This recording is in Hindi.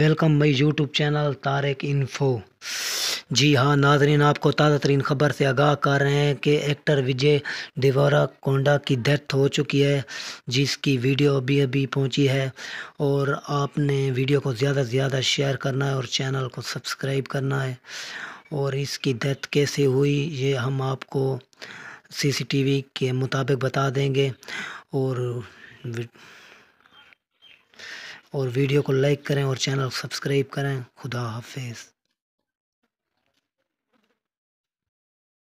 welcome my YouTube channel Tarak info जी हाँ नाजरीन आपको ताज़ा तरीन ख़बर से आगाह कर रहे हैं कि एक्टर विजय देवरा कोंडा की डेथ हो चुकी है जिसकी वीडियो अभी अभी पहुंची है और आपने वीडियो को ज़्यादा से ज़्यादा शेयर करना है और चैनल को सब्सक्राइब करना है और इसकी डेथ कैसे हुई ये हम आपको सीसीटीवी के मुताबिक बता देंगे और और वीडियो को लाइक करें और चैनल सब्सक्राइब करें खुदा हाफिज़